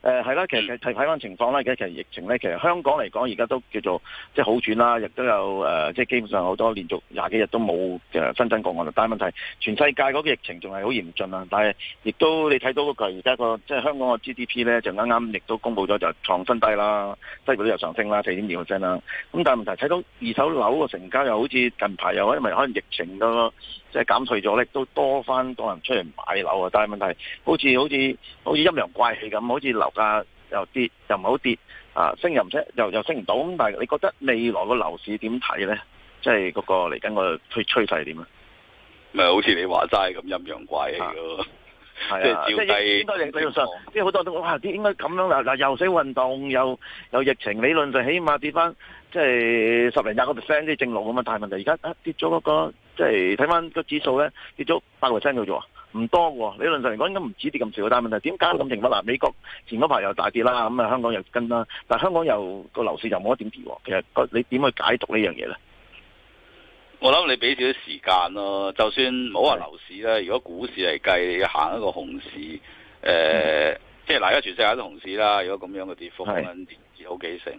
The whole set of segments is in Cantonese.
誒係啦，其實睇翻情況啦，其實其實疫情咧，其實香港嚟講而家都叫做即係、就是、好轉啦，亦都有誒，即、呃、係基本上好多連續廿幾日都冇誒新增個案啦。但係問題，全世界嗰個疫情仲係好嚴峻啊！但係亦都你睇到佢而家個即係、那個就是、香港個 GDP 咧，就啱啱亦都公布咗就創新低啦，不過都有上升啦，四點二個 percent 啦。咁但係問題睇到二手樓個成交又好似近排又因為可能疫情都即係、就是、減退咗咧，都多翻多人出嚟買樓啊！但係問題好似好似好似陰陽怪氣咁，好似又跌又唔好跌啊，升又唔升，又又升唔到。咁但係你覺得未來個樓市點睇咧？即係嗰個嚟緊個趨趨勢係點啊？咪好似你話齋咁陰陽怪氣咯，即係照低。即係應該理論上，即係好多都哇，啲應該咁樣嗱嗱，又想運動又又疫情理論上起碼跌翻，即係十零廿個 percent 啲正路咁啊！但係問題而家啊跌咗嗰個，即係睇翻個指數咧跌咗八個 percent 到咗啊！唔多喎，理論上嚟講應該唔止跌咁少，但係問題點解咁停？嗱，美國前嗰排又大跌啦，咁啊香港又跟啦，但係香港又個樓市又冇一點跌喎。其實你點去解讀呢樣嘢咧？我諗你俾少少時間咯，就算唔好話樓市啦，如果股市嚟計行一個熊市，誒、呃，即係嗱，而家全世界都熊市啦。如果咁樣嘅跌幅，跌好幾成，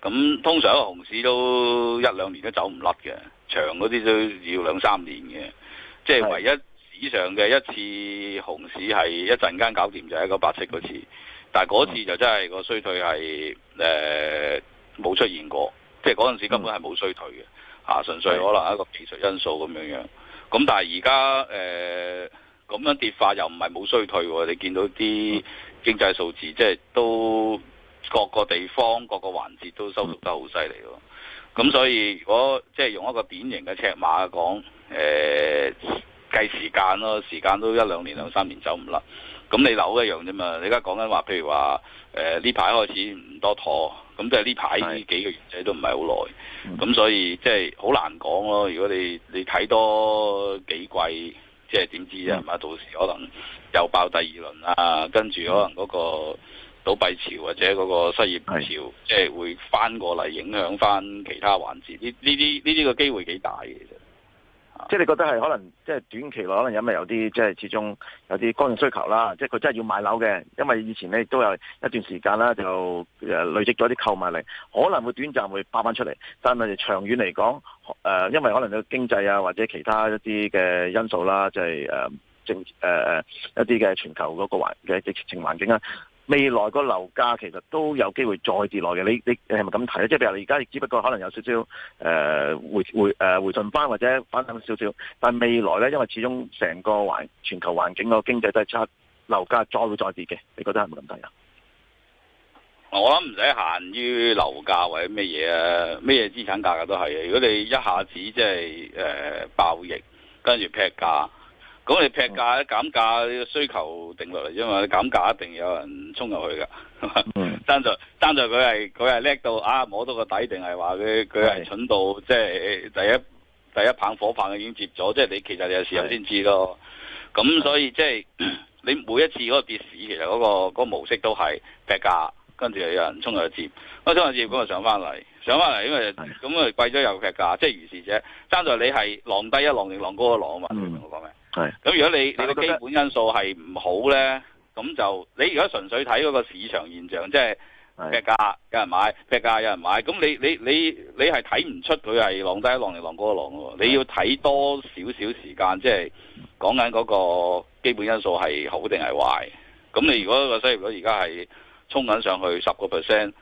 咁通常一個熊市都一兩年都走唔甩嘅，長嗰啲都要兩三年嘅，即係唯一。以上嘅一次熊市係一陣間搞掂就係一個八七嗰次，但係嗰次就真係個衰退係誒冇出現過，即係嗰陣時根本係冇衰退嘅嚇，純、啊、粹可能是一個技術因素咁樣樣咁，但係而家誒咁樣跌法又唔係冇衰退的，你見到啲經濟數字，即係都各個地方各個環節都收縮得好犀利咯。咁所以如果即係用一個典型嘅尺碼講誒。呃計時間咯，時間都一兩年，兩三年走唔甩，咁你樓一樣啫嘛。你而家講緊話，譬如話，誒呢排開始唔多妥，咁即係呢排呢幾個月仔都唔係好耐，咁所以即係好難講咯。如果你你睇多幾季，即係點知啊？嘛，到時可能又爆第二輪啊，跟住可能嗰個倒閉潮或者嗰個失業潮，即係會翻過嚟影響翻其他環節。呢呢啲呢啲個機會幾大嘅。即係你覺得係可能，即係短期內可能因為有啲即係始終有啲剛性需求啦，即係佢真係要買樓嘅。因為以前咧亦都有一段時間啦，就誒累積咗啲購買力，可能會短暫會爆翻出嚟，但係長遠嚟講，誒、呃、因為可能個經濟啊或者其他一啲嘅因素啦，即係誒一啲嘅全球嗰個環嘅疫情環境，啊未來個樓價其實都有機會再跌落嚟，你你係咪咁睇咧？即係譬如你而家只不過可能有少少誒回回誒、呃、回順翻或者反彈少少，但係未來咧，因為始終成個環全球環境個經濟都係差，樓價再會再跌嘅，你覺得係咪咁睇啊？我諗唔使限於樓價或者咩嘢啊，咩嘢資產價格都係嘅。如果你一下子即係誒爆熱，跟住劈價。咁你劈價、減價呢個需求定律嚟，因為減價一定有人衝入去噶。嗯。爭在爭在佢係佢係叻到啊摸到個底，定係話佢佢係蠢到即係第一第一棒火棒已經接咗。即係你其實你有時候先知咯。咁所以即係你每一次嗰個跌市，其實嗰個嗰個模式都係劈價，跟住又有人衝入去接，我衝入接咁就上翻嚟，上翻嚟，因為咁啊貴咗又劈價，即係如是者。爭在你係浪低一浪定浪高一浪啊嘛？明我講咩？咁如果你你嘅基本因素係唔好咧，咁就你如果純粹睇嗰個市場現象，即係劈價有人買，劈價有人買，咁你你你你係睇唔出佢係浪低浪嚟浪過浪喎，你要睇多少少時間，即係講緊嗰個基本因素係好定係壞。咁你如果個商業股而家係衝緊上去十個 percent。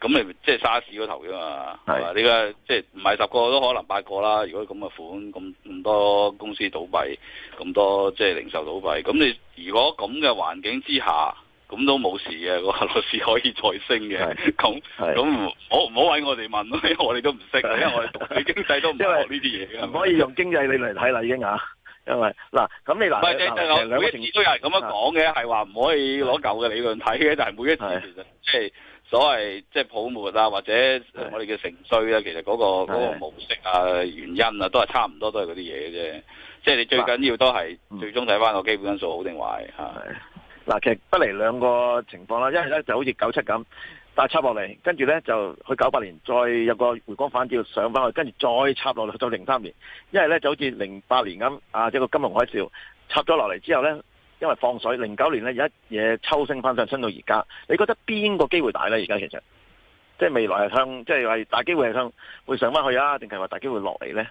咁你咪即係沙士嗰頭㗎嘛？係啊，呢個即係唔係十個都可能八個啦。如果咁嘅款，咁咁多公司倒閉，咁多即係、即係、零售倒閉，咁你如果咁嘅環境之下，咁都冇事嘅，個樓市可以再升嘅。咁咁唔好唔好喺我哋問咯，因為我哋都唔識，因為我哋讀經濟都唔學呢啲嘢，唔可以用經濟你嚟睇啦，已經嚇。因為嗱，咁你嗱，唔係、即係、我每一次都有人咁樣講嘅，係話唔可以攞舊嘅理論睇嘅，但係每一次其實即係。所謂即係泡沫啊，或者我哋叫盛衰咧，其實嗰、嗰個、嗰個模式啊、原因啊，不都係差唔多，都係嗰啲嘢嘅啫。即、就、係、是、你最緊要都係最終睇翻個基本因素好定壞嗱，其實不離兩個情況啦，一係咧就好似九七咁，但係插落嚟，跟住咧就去九八年再入個回光返照上翻去，跟住再插落去到零三年。一係咧就好似零八年咁啊，即、就是、個金融海嘯插咗落嚟之後咧。因為放水，零九年呢有一嘢抽升返上升到而家。你覺得邊個機會大呢？而家其實即係未來係向，即係大機會係向會上返去啊？定係話大機會落嚟呢？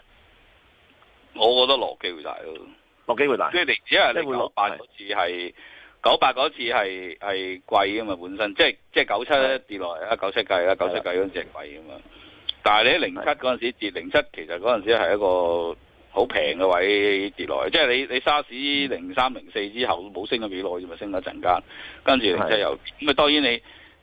我覺得落機會大咯，落機會大。即係零，只係你會落八次係九八嗰次係係貴啊嘛，本身即係即係九七跌落嚟啊，九七計啊，九七計嗰陣時係貴啊嘛。但係你喺零七嗰陣時跌零七，其實嗰陣時係一個。好平嘅位跌落嚟，即係你你沙士零三零四之後冇升咗幾耐咋嘛，升咗一陣間，跟住即係又咁啊！當然你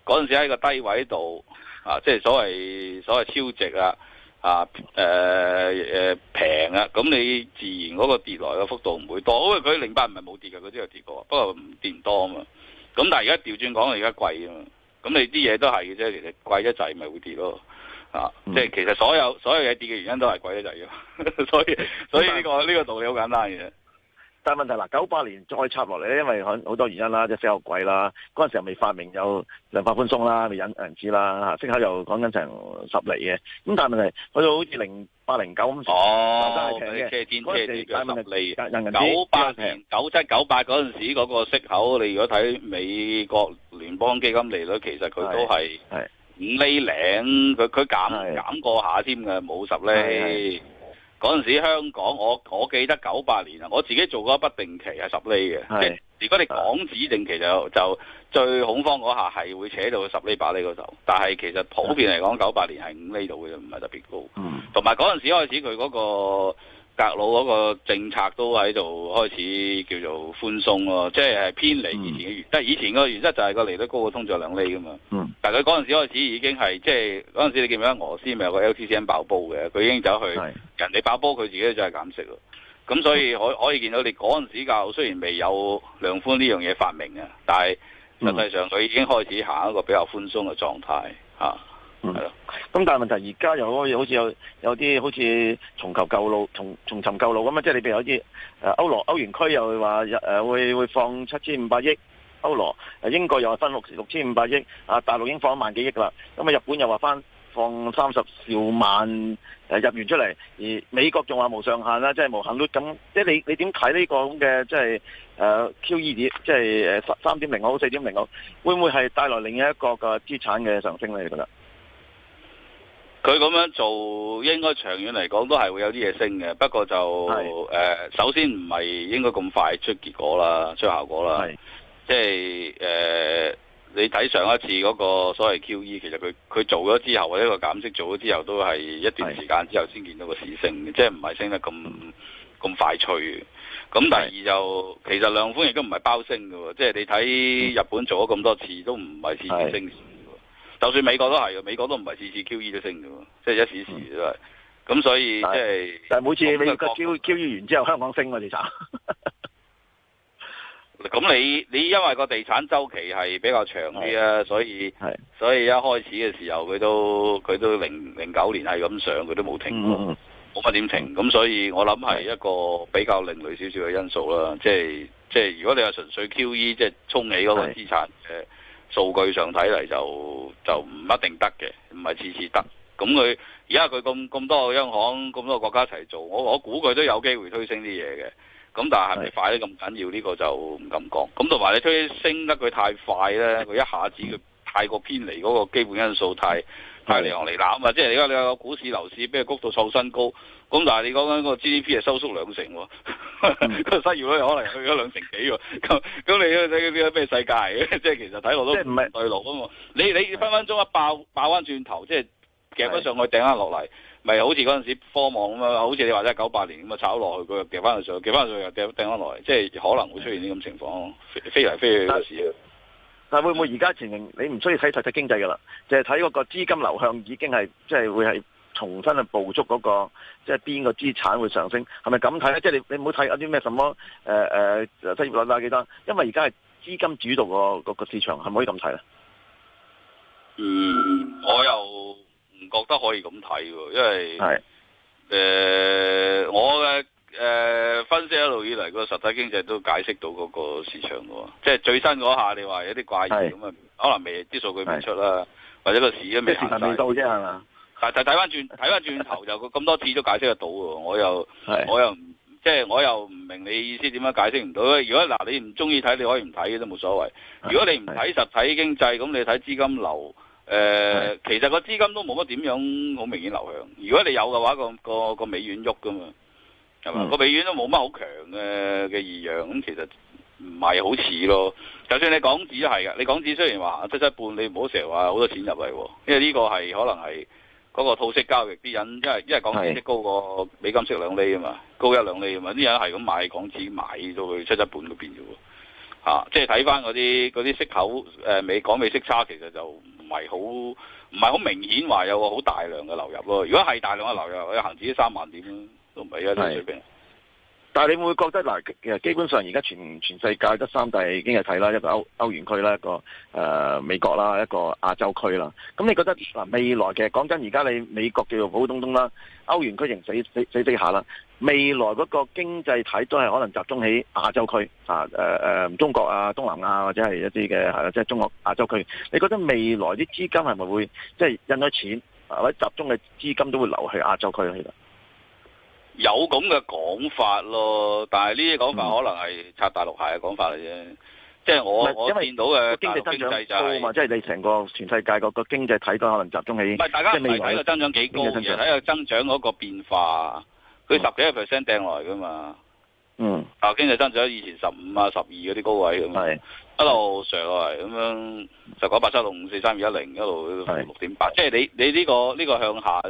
嗰陣時喺個低位度啊，即係所謂所謂超值啊，啊誒誒平啊，咁你自然嗰個跌落嚟嘅幅度唔會多。因為，佢零八唔係冇跌嘅，嗰啲有跌過，不過不跌唔多啊嘛。咁但係而家調轉講，而家貴啊嘛。咁你啲嘢都係嘅啫，其實貴一滯咪會跌咯。嗯、即係其實所有所有嘢跌嘅原因都係貴得滯嘅，所以所以呢、這個呢、這個道理好簡單嘅。但係問題嗱，九八年再插落嚟咧，因為好多原因啦，即係石油貴啦，嗰陣時又未發明有量化寬鬆啦，未引人知啦，吓息口又講緊成十厘嘅。咁但係問題，我就好似好似零八零九咁講，車天車地嘅十厘。九八成九七九八嗰陣時，嗰、哦、個息口，嗯、你如果睇美國聯邦基金利率，其實佢都係係。五厘零，佢佢減減過下添嘅，冇十厘。嗰陣時香港，我我記得九八年啊，我自己做過一筆定期係十厘嘅。即係如果你港紙定期就就最恐慌嗰下係會扯到十厘八厘嗰度，但係其實普遍嚟講九八年係五厘度嘅，就唔係特別高。同埋嗰陣時開始佢嗰、那個。格老嗰個政策都喺度開始叫做寬鬆咯、啊，即係偏離以前嘅原則。嗯、即以前個原則就係個利率高過通脹兩厘㗎嘛。嗯，但佢嗰陣時開始已經係即係嗰陣時你見唔見俄羅斯咪有個 LTCM 爆煲嘅？佢已經走去人哋爆煲，佢自己就係減息咯。咁所以可以、嗯、可以見到，你嗰陣時較雖然未有量寬呢樣嘢發明嘅，但係實際上佢已經開始行一個比較寬鬆嘅狀態、啊。嗯係咁，但係問題而家又可以好似有有啲好似重求舊路，重重尋舊路咁，即係你譬如有啲誒歐羅歐元區又話誒會會會放七千五百億歐羅，英國又話分六六千五百億啊，大陸已經放萬幾億噶啦，咁啊日本又話翻放三十兆萬誒日元出嚟，而美國仲話無上限啦，即係無限率咁，即係你你點睇呢個咁嘅即係誒 QE 即係誒三點零好四點零好，就是、05, 05, 會唔會係帶來另一個嘅資產嘅上升咧？你覺得？佢咁樣做應該長遠嚟講都係會有啲嘢升嘅，不過就誒、呃、首先唔係應該咁快出結果啦，出效果啦。即係誒，你睇上一次嗰個所謂 QE，其實佢佢做咗之後，或者個減息做咗之後，都係一段時間之後先見到個市升，即係唔係升得咁咁快脆。咁第二就其實兩款亦都唔係包升㗎喎，即係你睇日本做咗咁多次都唔係次次升。就算美國都係，美國都唔係次次 QE 都升㗎喎，即係一時時咁、嗯、所以即係，但係每次你個 QE 完之後，香港升嘅地產。咁 你你因為個地產週期係比較長啲啊，所以所以一開始嘅時候佢都佢都零零九年係咁上，佢都冇停，嗯，冇乜點停。咁所以我諗係一個比較另類少少嘅因素啦。即係即係如果你係純粹 QE 即係沖起嗰個資產數據上睇嚟就就唔一定得嘅，唔係次次得。咁佢而家佢咁咁多個央行、咁多個國家一齊做，我我估佢都有機會推升啲嘢嘅。咁但係係咪快得咁緊要呢個就唔敢講。咁同埋你推升得佢太快呢，佢一下子佢太過偏離嗰個基本因素太。太嚟行嚟攬，或者而家你有個股市、樓市，俾佢谷到創新高。咁但係你講緊個 GDP 係收縮兩成，個失業率可能去咗兩成幾。咁咁你睇嗰啲咩世界？即係其實睇落都唔對路啊！你你分分鐘一爆爆翻轉頭，即係夾翻上去，掟翻落嚟，咪好似嗰陣時科網咁啊！好似你話齋九八年咁啊，樣炒落去佢又夾翻上去，夾翻上又掟掟翻落嚟，即係可能會出現呢咁情況，飛嚟飛去時。但會唔會而家情形你唔需要睇實體經濟㗎啦，淨係睇嗰個資金流向已經係即係會係重新去捕捉嗰、那個即係邊個資產會上升，係咪咁睇咧？即、就、係、是、你你唔好睇一啲咩什麼誒誒失業率啊幾多，因為而家係資金主導個、那個市場，係咪可以咁睇咧？嗯，我又唔覺得可以咁睇喎，因為誒、呃、我嘅。誒、呃，分析一路以嚟個實體經濟都解釋到嗰、那個那個市場嘅，即、就、係、是、最新嗰下，你話有啲怪異咁啊，可能未啲數據未出啦，或者個市都未行到啫係嘛？但睇翻轉，睇翻轉頭 就咁多次都解釋得到嘅，我又是我又即係、就是、我又唔明你意思點樣解釋唔到咧？如果嗱，你唔中意睇，你可以唔睇都冇所謂。如果你唔睇實體經濟，咁你睇資金流誒、呃，其實個資金都冇乜點樣好明顯流向。如果你有嘅話，那個個、那個美元喐噶嘛。個、嗯、美元都冇乜好強嘅嘅異樣，咁其實唔係好似咯。就算你港紙都係嘅，你港紙雖然話七七半，你唔好成日話好多錢入嚟，因為呢個係可能係嗰個套息交易啲人，因為因為港息高過美金息兩厘啊嘛，高一兩厘啊嘛，啲人係咁買港紙買，買到去七七半嗰邊啫喎，嚇！即係睇翻嗰啲嗰啲息口誒、呃、美港美息差，其實就唔係好唔係好明顯話有個好大量嘅流入咯。如果係大量嘅流入，佢行至三萬點咯。係，但係你會覺得嗱，其實基本上而家全全世界得三大經濟體啦，一個歐歐元區啦，一個誒、呃、美國啦，一個亞洲區啦。咁你覺得嗱、啊，未來嘅講真的，而家你美國叫做普普通通啦，歐元區仍死死死，死下啦。未來嗰個經濟體都係可能集中喺亞洲區啊，誒、呃、誒中國啊，東南亞或者係一啲嘅，即、啊、係、就是、中國亞洲區。你覺得未來啲資金係咪會即係、就是、印咗錢、啊、或者集中嘅資金都會流去亞洲區咧？有咁嘅講法咯，但係呢啲講法可能係拆大陸鞋嘅講法嚟啫、嗯。即係我因為我見到嘅經,經,經濟增長，即係你成個全世界個個經濟體都，可能集中喺唔係大家唔係睇個增長幾高，而係睇個增長嗰個變化。佢十幾個 percent 掟落嚟噶嘛。嗯，啊經濟增長以前十五啊十二嗰啲高位咁啊。一路上落嚟咁樣十九八七六五四三二一零一路六點八，43210, 166, 即係你你呢、呢個呢、呢個向下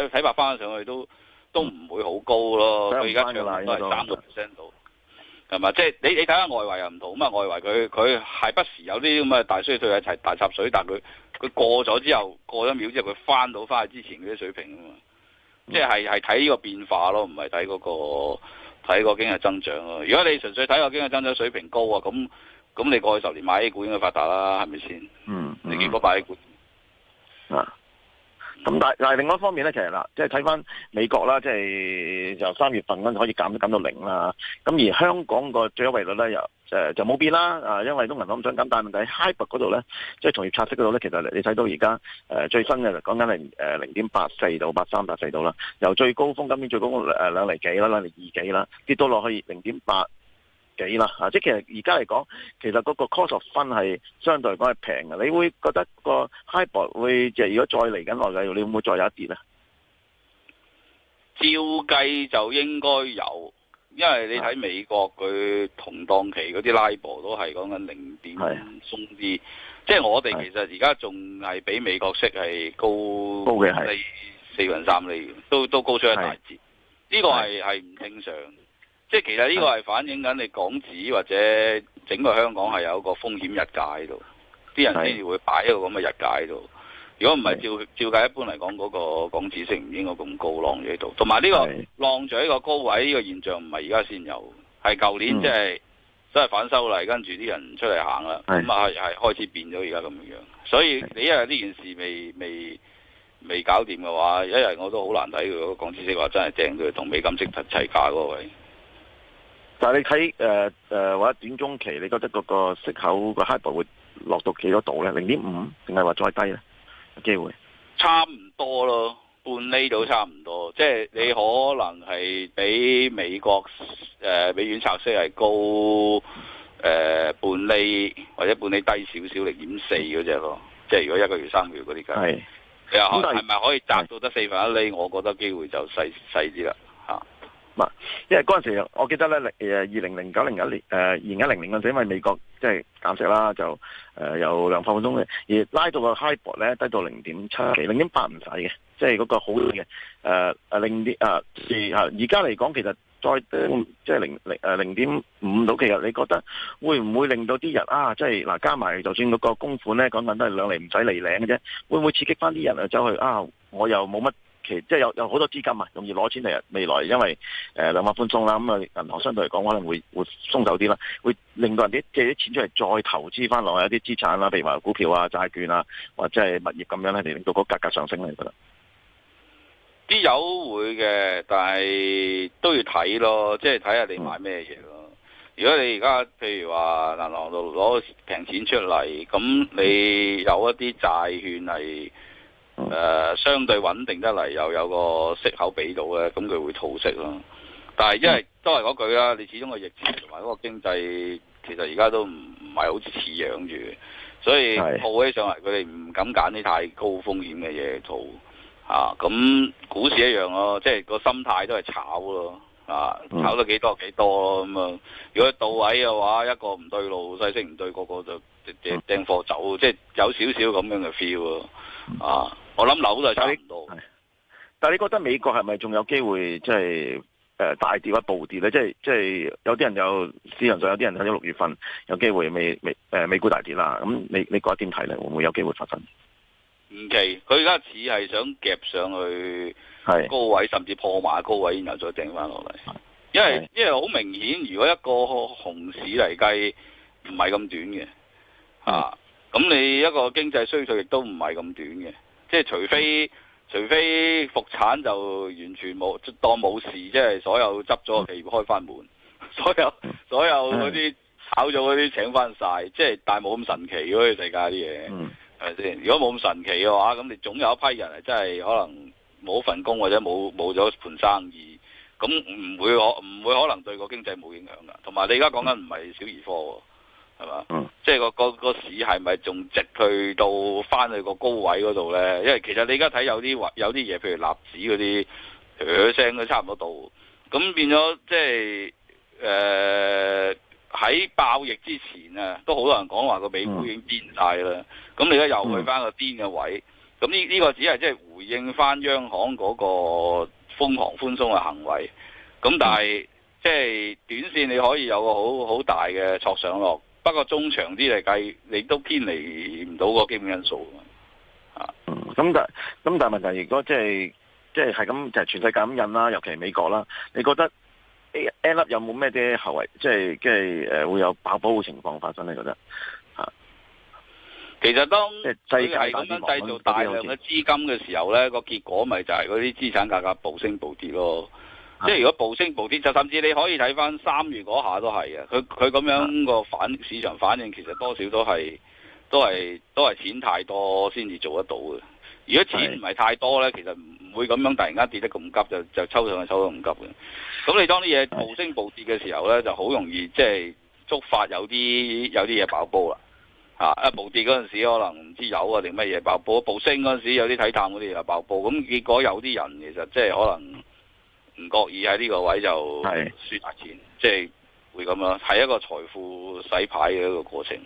睇睇白翻上去都。都唔會好高咯，佢而家全都係三個 percent 到，係嘛？即、嗯、係、就是、你你睇下外圍又唔同啊嘛，外圍佢佢係不時有啲咁嘅大衰退啊、大插水，水，但係佢佢過咗之後，過一秒之後佢翻到翻去之前嗰啲水平啊嘛，即係係睇呢個變化咯，唔係睇嗰個睇個經濟增長咯。如果你純粹睇個經濟增長水平高啊，咁咁你過去十年買 A 股應該發達啦，係咪先？嗯，嗯你見唔見買 A 股啊？咁但但係另外一方面咧，其實嗱，即係睇翻美國啦，即係由三月份嗰陣可以減都減到零啦。咁而香港個最優惠率咧，又誒就冇變啦。啊，因為都銀行唔想減，但係問題喺 HIBOR 嗰度咧，即係同業拆息嗰度咧，其實你睇到而家誒最新嘅就講緊係誒零點八四到八三八四度啦。由最高峰今年最高峰誒兩釐幾啦，兩厘二幾啦，跌到落去零點八。幾啦嚇！即係其實而家嚟講，其實嗰個 cost 分係相對嚟講係平嘅。你會覺得個 high 博會即如果再嚟緊內地，你會唔會再有一跌咧？照計就應該有，因為你喺美國佢同檔期嗰啲拉博都係講緊零點鬆啲，即係我哋其實而家仲係比美國息係高高嘅，係四分三厘，都都高出一大截，呢、這個係係唔正常。即係其實呢個係反映緊你港紙或者整個香港係有一個風險溢價喺度，啲人先至會擺喺個咁嘅溢價喺度。如果唔係照是照計，一般嚟講嗰個港紙息唔應該咁高，浪喺度。同埋呢個浪咗喺個高位，呢、這個現象唔係而家先有，係舊年即、就、係、是嗯、都係反修例，跟住啲人出嚟行啦，咁啊係係開始變咗而家咁樣。所以你因為呢件事未未未搞掂嘅話，一日我都好難睇。如果港紙息話真係正，佢同美金息齊齊價嗰位。但係你睇誒誒或者短中期，你覺得嗰個息口個 HIBOR 會落到幾多度咧？零點五定係話再低咧？機會差唔多咯，半厘都差唔多。即係你可能係比美國誒美元拆息係高誒、呃、半厘，或者半厘低少少零點四嗰隻咯。即係如果一個月三個月嗰啲計，你可能。係咪可以摘到得四分一厘？我覺得機會就細細啲啦。唔因為嗰陣時，我記得咧，零二零零九零一年，誒二零一零年嗰陣時，因為美國即係減息啦，就誒有兩分半鐘咧，而拉到個 high 博咧，低到零點七、零點八唔使嘅，即係嗰個好嘅誒誒，令啲誒而家嚟講，其實再即係零零誒零點五到其實，你覺得會唔會令到啲人啊？即係嗱，加埋就算嗰個供款咧，講緊都係兩釐唔使嚟領嘅啫，會唔會刺激翻啲人啊走去啊？我又冇乜。其即係有有好多資金啊，容易攞錢嚟未來，因為誒兩萬寬鬆啦，咁、呃、啊銀行相對嚟講可能會會鬆手啲啦，會令到人哋借啲錢出嚟再投資翻落去一啲資產啦、啊，譬如話股票啊、債券啊，或者係物業咁樣咧、啊、嚟令到嗰個價格，格上升咧、啊，你覺得。啲有會嘅，但係都要睇咯，即係睇下你買咩嘢咯、嗯。如果你而家譬如話銀行度攞平錢出嚟，咁你有一啲債券係。誒、呃，相對穩定得嚟，又有個息口俾到咧，咁佢會套息咯。但係因為都係嗰句啦，你始終個疫情同埋嗰個經濟，其實而家都唔係係好似似樣住，所以套起上嚟，佢哋唔敢揀啲太高風險嘅嘢做。啊，咁股市一樣咯，即係、個心態都係炒咯。啊，炒得幾多就幾多咯咁樣，如果到位嘅話，一個唔對路，勢色唔對，個個就掟掟貨走，即係有少少咁樣嘅 feel 啊。我諗樓就差唔多但，但係你覺得美國係咪仲有機會即係誒，大跌或暴跌咧？即係即係有啲人有市場上有啲人睇到六月份有機會未，美誒美股大跌啦。咁你你覺得點睇咧？會唔會有機會發生？唔奇，佢而家只係想夾上去係高位，甚至破埋高位，然後再掟翻落嚟。因為因為好明顯，如果一個熊市嚟計唔係咁短嘅吓，咁、啊嗯、你一個經濟衰退亦都唔係咁短嘅。即係除非除非復產就完全冇當冇事，即係所有執咗個企業開翻門，所有所有嗰啲炒咗嗰啲請翻曬，即係但係冇咁神奇嗰啲世界啲嘢，係咪、嗯、先？如果冇咁神奇嘅話，咁你總有一批人係真係可能冇份工或者冇冇咗盤生意，咁唔會可唔會可能對個經濟冇影響㗎？同埋你而家講緊唔係小兒科喎。係嘛、嗯？即係個個個市係咪仲直去到翻去個高位嗰度咧？因為其實你而家睇有啲話，有啲嘢，譬如納指嗰啲，噓聲都差唔多到。咁變咗即係誒喺爆疫之前啊，都好多人講話個美股已經癲曬啦。咁、嗯、你而家又去翻個癲嘅位。咁呢呢個只係即係回應翻央行嗰個瘋狂寬鬆嘅行為。咁但係、嗯、即係短綫你可以有個好好大嘅挫上落。不過中長啲嚟計，你都偏離唔到個基本因素啊。咁但咁但係問題，如果即係即係係咁，就係就係就係，全世界咁印啦，尤其係美國啦，你覺得 A A 粒有冇咩啲後遺，即係即係誒會有爆煲嘅情況發生你覺得啊？其實當即係咁製造大量嘅資金嘅時候咧，個結果咪就係嗰啲資產價格暴升暴跌咯。即係如果暴升暴跌，就甚至你可以睇翻三月嗰下都係嘅。佢佢咁樣個反市場反應，其實多少都係都係都係錢太多先至做得到嘅。如果錢唔係太多咧，其實唔會咁樣突然間跌得咁急，就就抽上去抽到咁急嘅。咁你當啲嘢暴升暴跌嘅時候咧，就好容易即係觸發有啲有啲嘢爆煲啦、嚇、啊。暴跌嗰陣時可能唔知有啊定乜嘢爆煲，暴升嗰陣時有啲睇淡嗰啲又爆煲。咁結果有啲人其實即係可能。唔覺意喺呢個位就輸大錢，即係、係、會咁樣，係一個財富洗牌嘅一個過程。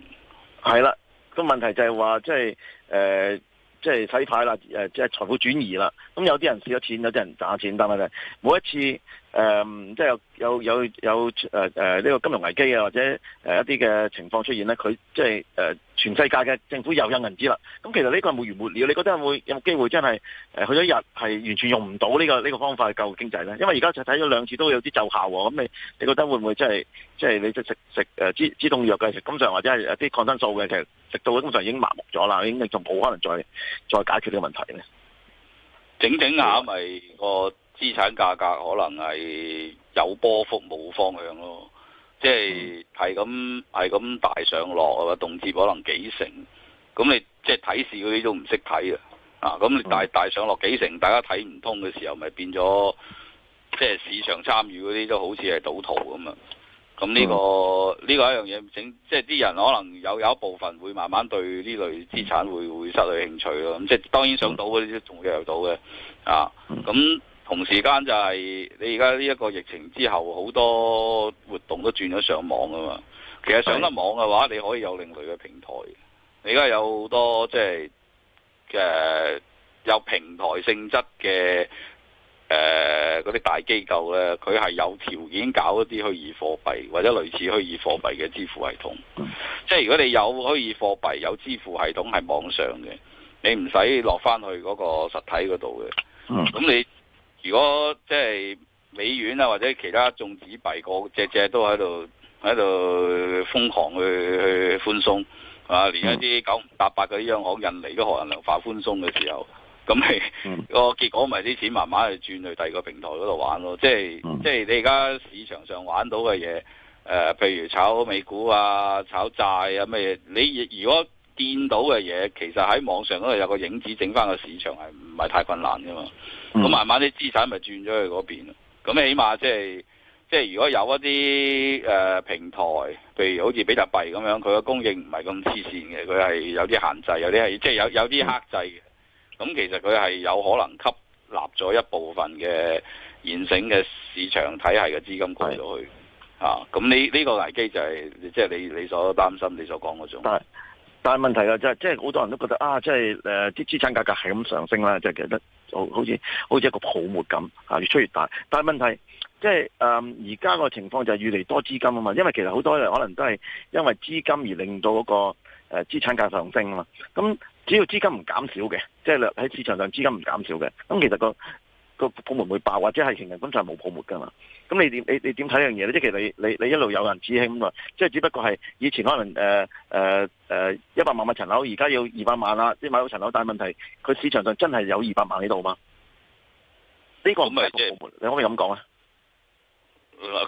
係啦，個問題就係話，即係即係洗牌啦，誒，即係財富轉移啦。咁有啲人蝕咗錢，有啲人賺咗錢，等等。每一次。誒、嗯，即係有有有有，誒誒，呢、呃這個金融危機啊，或者誒一啲嘅情況出現咧，佢即係誒、呃、全世界嘅政府又印銀紙啦。咁其實呢個係冇完冇了，你覺得會有有冇機會真係誒、呃、去咗一日係完全用唔到呢個呢、這個方法去救經濟咧？因為而家就睇咗兩次都有啲奏效喎。咁你你覺得會唔會真係即係你食食食誒止止痛藥嘅，食咁上或者係啲抗生素嘅，其實食到通常已經麻木咗啦，已經仲冇可能再再解決呢個問題咧。整整下咪個。資產價格可能係有波幅冇方向咯，即係係咁係咁大上落啊，動輒可能幾成，咁你即係睇市嗰啲都唔識睇啊，啊咁你大大上落幾成，大家睇唔通嘅時候，咪變咗即係市場參與嗰啲都好似係賭徒咁啊，咁呢個呢個一樣嘢整，即係啲人可能有有一部分會慢慢對呢類資產會會失去興趣咯，咁即係當然想賭嗰啲仲繼續賭嘅啊，咁。同時間就係你而家呢一個疫情之後，好多活動都轉咗上網啊嘛。其實上得網嘅話，你可以有另類嘅平台。你而家有好多即係誒有平台性質嘅誒嗰啲大機構咧，佢係有條件搞一啲虛擬貨幣或者類似虛擬貨幣嘅支付系統。即係如果你有虛擬貨幣有支付系統係網上嘅，你唔使落翻去嗰個實體嗰度嘅。嗯，咁你。如果即係美元啊，或者其他種紙幣個隻隻都喺度喺度瘋狂去去寬鬆，啊、嗯，連一啲九唔搭八嗰啲央行印嚟都學人量化寬鬆嘅時候，咁你個結果咪啲錢慢慢去轉去第二個平台嗰度玩咯，即係、嗯、即係你而家市場上玩到嘅嘢，誒、呃，譬如炒美股啊、炒債啊咩嘢，你如果見到嘅嘢，其實喺網上嗰度有個影子整翻個市場，係唔係太困難噶嘛？咁慢慢啲資產咪轉咗去嗰邊，咁起碼即係，即係如果有一啲誒平台，譬如好似比特幣咁樣，佢嘅供應唔係咁黐線嘅，佢係有啲限制，有啲係即係有有啲克制嘅。咁其實佢係有可能吸納咗一部分嘅現成嘅市場體系嘅資金過咗去，咁呢，呢個危機就係即係你你所擔心、你所講嗰種。但係問題啊、就是，即係即係好多人都覺得啊，即係誒啲資產價格係咁上升啦，即係其實得好好似好似一個泡沫咁啊，越吹越大。但係問題即係誒，而家個情況就係越嚟越多資金啊嘛，因為其實好多嘢可能都係因為資金而令到嗰個誒資產價上升啊嘛。咁只要資金唔減少嘅，即係喺市場上資金唔減少嘅，咁其實、那個個泡沫會爆，或者係成日根本就係冇泡沫噶嘛。咁你點你你點睇樣嘢咧？即係其實你你你一路有人支起咁，即係只不過係以前可能誒誒誒一百萬蚊層樓，而家要二百萬啦，即係買到層樓，但係問題佢市場上真係有二百萬喺度嘛？呢個唔係即係，你可唔可以咁講啊？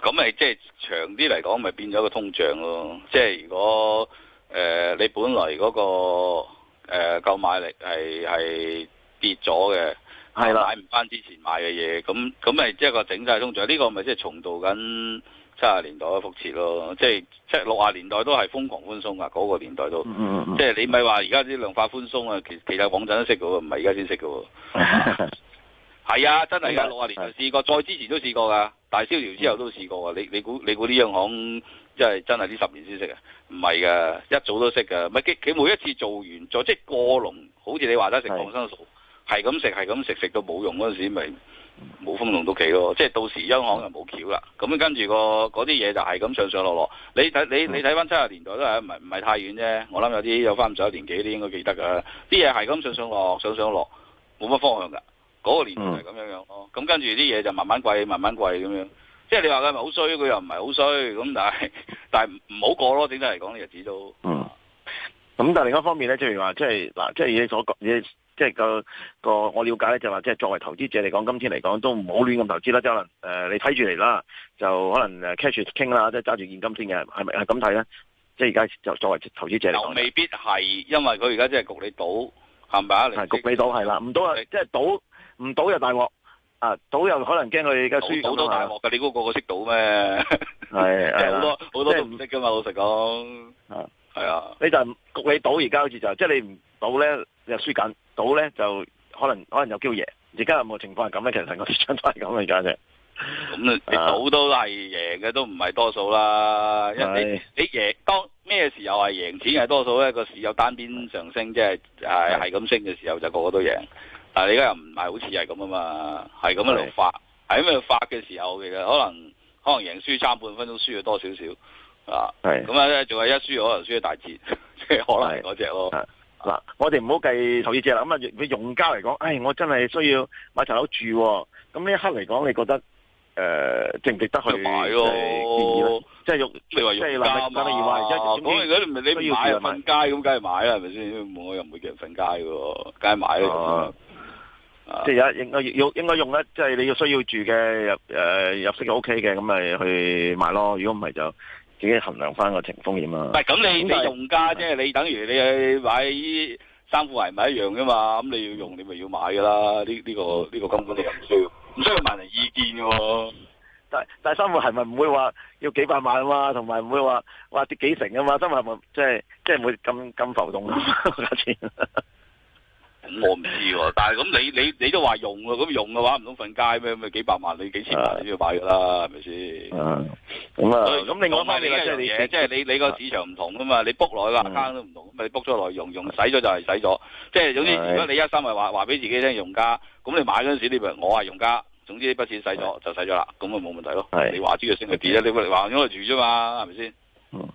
咁咪即係長啲嚟講，咪變咗個通脹咯？即係如果誒你本來嗰個誒購買力係係跌咗嘅。係啦，買唔翻之前買嘅嘢，咁咁咪即係個整體通脹，呢個咪即係重蹈緊七十年代嘅覆轍咯，即係即係六十年代都係瘋狂寬鬆㗎。嗰、嗰個年代都，嗯嗯、即係你咪話而家啲量化寬鬆啊，其實其實港仔都識噶喎，唔係而家先識噶喎，係 啊，真係噶，六十年代試過，再之前都試過噶，大蕭條之後都試過啊、嗯。你你估你估啲央行即係真係呢十年先識啊？唔係噶，一早都識噶，唔係佢每一次做完就即係過籠，好似你話齋食抗生素。係咁食，係咁食，食到冇用嗰陣時，咪冇封龍到企咯。即係到時央行就冇橋啦。咁跟住個啲嘢就係咁上上落落。你睇你你睇翻七十年代都係唔係唔係太遠啫。我諗有啲有翻咁上下年紀啲應該記得噶。啲嘢係咁上上落上上落，冇乜方向噶。嗰、嗰個年代咁樣樣咯。咁跟住啲嘢就慢慢貴，慢慢貴咁樣。即係你話佢咪好衰，佢又唔係好衰。咁但係但係唔好過咯。整體嚟講，呢，日子都咁、嗯、但係另一方面咧，即係話即係嗱，即係你所講即係個個，個我了解咧，就話即係作為投資者嚟講，今天嚟講都唔好亂咁投資啦。即係誒，你睇住嚟啦，就可能誒 cash is king 啦，即係揸住現金先嘅，係咪係咁睇咧？即係而家就作為投資者嚟講，又未必係，因為佢而家即係焗你賭係咪啊？係焗你賭係啦，唔賭即係賭，唔賭又大鑊啊！賭又可能驚佢而家輸緊啊！賭都大鑊㗎，你估個個識賭咩？係係好多好多，多都唔識㗎嘛，老實講嚇係啊。你就焗、係、你賭而家好似就係、即係你唔賭咧，又輸緊。賭咧就可能可能有機會贏，而家有冇情況係咁咧？其實成個市場都係咁而家啫。咁你賭都係贏嘅，uh, 都唔係多數啦、uh,。因為你你贏當咩時候係贏錢係、uh, 多數咧？個市有單邊上升，即係係係咁升嘅時候就個個都贏。Uh, 但係你而家又唔係好似係咁啊嘛，係咁樣發，係因為發嘅時候其實可能可能贏輸三半分鐘輸咗多少少啊。係咁啊，咧仲係一輸可能輸咗大截，即、uh, 係、uh, 可能嗰隻咯。Uh, uh, 嗱，我哋唔好計投資啦，咁啊，用用家嚟講，唉、哎，我真係需要買層樓住、啊，咁呢一刻嚟講，你覺得誒、呃、值唔值得去買咯？即係用，你話用家啊嘛？如果唔係你唔買又瞓街，咁梗係買啦，係咪先？我又唔會叫人瞓街嘅，梗係買啦。即係而家應該用，應該用咧，即係你要需要住嘅入誒入息 OK 嘅，咁咪去買咯。如果唔係就。自己衡量返個情況風險啦。唔係咁、嗯，你你用家即係你，等於你去買衣衫褲鞋唔係一樣嘅嘛。咁你要用，你咪要買㗎啦。呢、呢個呢、呢個金股你又唔需要，唔需要問人意見㗎喎。但但衫褲鞋係咪唔會話要幾百萬啊嘛，同埋唔會話話跌幾成㗎、啊、嘛。衫褲鞋咪即係即係唔會咁咁浮動嘅價錢。 嗯、我唔知喎，但係咁你你你都用用話用咁用嘅話唔通瞓街咩？咁咪幾百萬，你幾千萬都要買噶啦，係咪先？咁啊，咁另外方面嘅嘢，即、嗯、係、嗯嗯、你你個、就是、市場唔同啊嘛，你 book 落去個價、嗯、都唔同，咁你 book 咗嚟用用，使咗就係使咗。即係總之，如果你一三咪話話俾自己聽用家，咁你買嗰時，你咪我係用家。總之呢筆錢使咗就使咗啦，咁啊冇問題咯。你話知佢升，佢跌咧，你咪話咁嚟住啫嘛，係咪先？嗯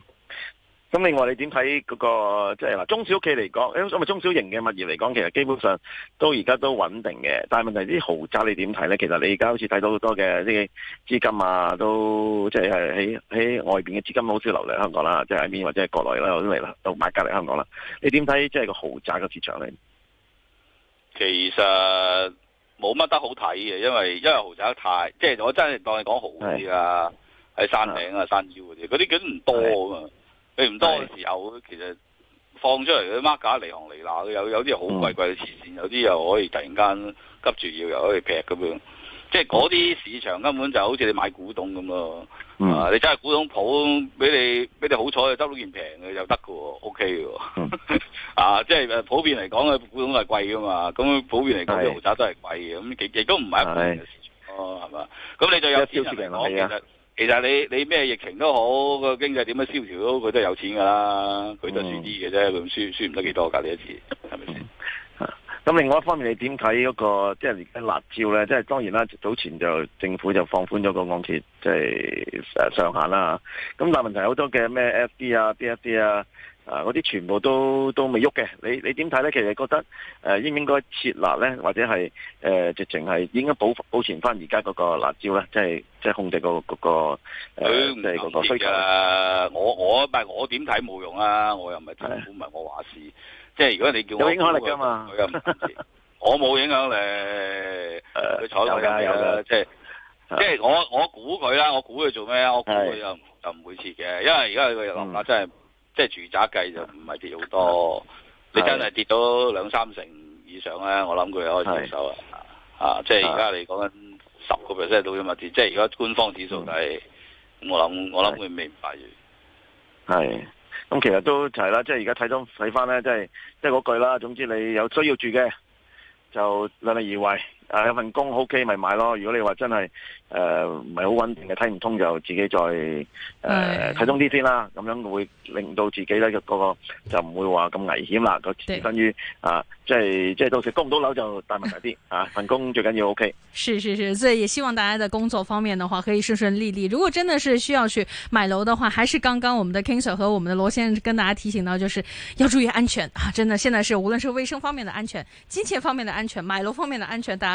咁另外你點睇，嗰個即係嗱中小企嚟講，因我中小型嘅物業嚟講，其實基本上都而家都穩定嘅。但係問題啲豪宅你點睇咧？其實你而家好似睇到好多嘅啲資金啊，都即係喺喺外邊嘅資金好少流嚟香港啦，即係喺邊或者係國內啦，都嚟啦，都買隔籬香港啦。你點睇即係個豪宅嘅市場咧？其實冇乜得好睇嘅，因為，因為，因，為因為豪宅太即係我真係當你講豪啲啊，喺山頂啊、山腰嗰啲，嗰啲根本唔多。你唔多嘅時候，其實放出嚟佢 mark 價離行離拿有有啲好貴貴嘅慈善，有啲又可以突然間急住要，又可以劈咁樣，即係嗰啲市場根本就好似你買古董咁咯、嗯。啊，你真係古董鋪俾你俾你好彩，執到件平嘅又得噶喎，OK 嘅喎、嗯。啊，即係普遍嚟講嘅古董係貴噶嘛，咁普遍嚟講啲豪宅都係貴嘅，咁亦都唔係一般嘅市場。哦，係嘛？咁你就有啲其實其實你你咩疫情都好，個經濟點樣蕭條都佢都係有錢噶啦，佢都輸啲嘅啫，佢輸輸唔得幾多噶呢一次，係咪先？咁、嗯、另外一方面你點睇嗰個即係而家辣招咧？即係當然啦，早前就政府就放寬咗個按揭即係上限啦。咁但係問題好多嘅咩 FD 啊 BFD 啊。BFD 啊啊！嗰啲全部都都未喐嘅，你你點睇咧？其實覺得誒、呃、應唔應該撤辣咧，或者係誒、呃、直情係應該保保存翻而家嗰個辣招咧，即係即係控制、嗰個嗰、嗰個誒，即係嗰個需求。我我唔係我點睇冇用啊！我又唔係政府，唔係我話事。即係如果你叫我有影響力㗎嘛， 我冇影響力。佢 採、呃、有嘅即係即係我我估佢啦，我估佢做咩？我估佢又又唔會撤嘅，因為而家佢嘅浪價真係。即係住宅計就唔係跌好多，你真係跌到兩三成以上咧，我諗佢可以接受啊！啊，即係而家嚟講緊十個 percent 都已經跌，即係而家官方指數係，我諗我諗佢未唔買嘅。係，咁其實都就係、是、啦，即係而家睇到睇翻咧，即係即係嗰句啦。總之你有需要住嘅，就量力而為。誒、啊，有份工 OK 咪買咯。如果你話真係誒，唔係好穩定嘅，睇唔通就自己再誒睇通啲先啦。咁樣會令到自己咧個嗰個就唔會話咁危險啦。佢置身於啊，即係即係到時供唔到樓就大問題啲啊。份工最緊要 OK。是是是，所以也希望大家在工作方面的話可以順順利利。如果真的是需要去買樓的話，還是剛剛我們的 King Sir 和我們的羅先生跟大家提醒到，就是要注意安全啊！真的，現在是無論是衛生方面的安全、金錢方面的安全、買樓方面的安全，大家。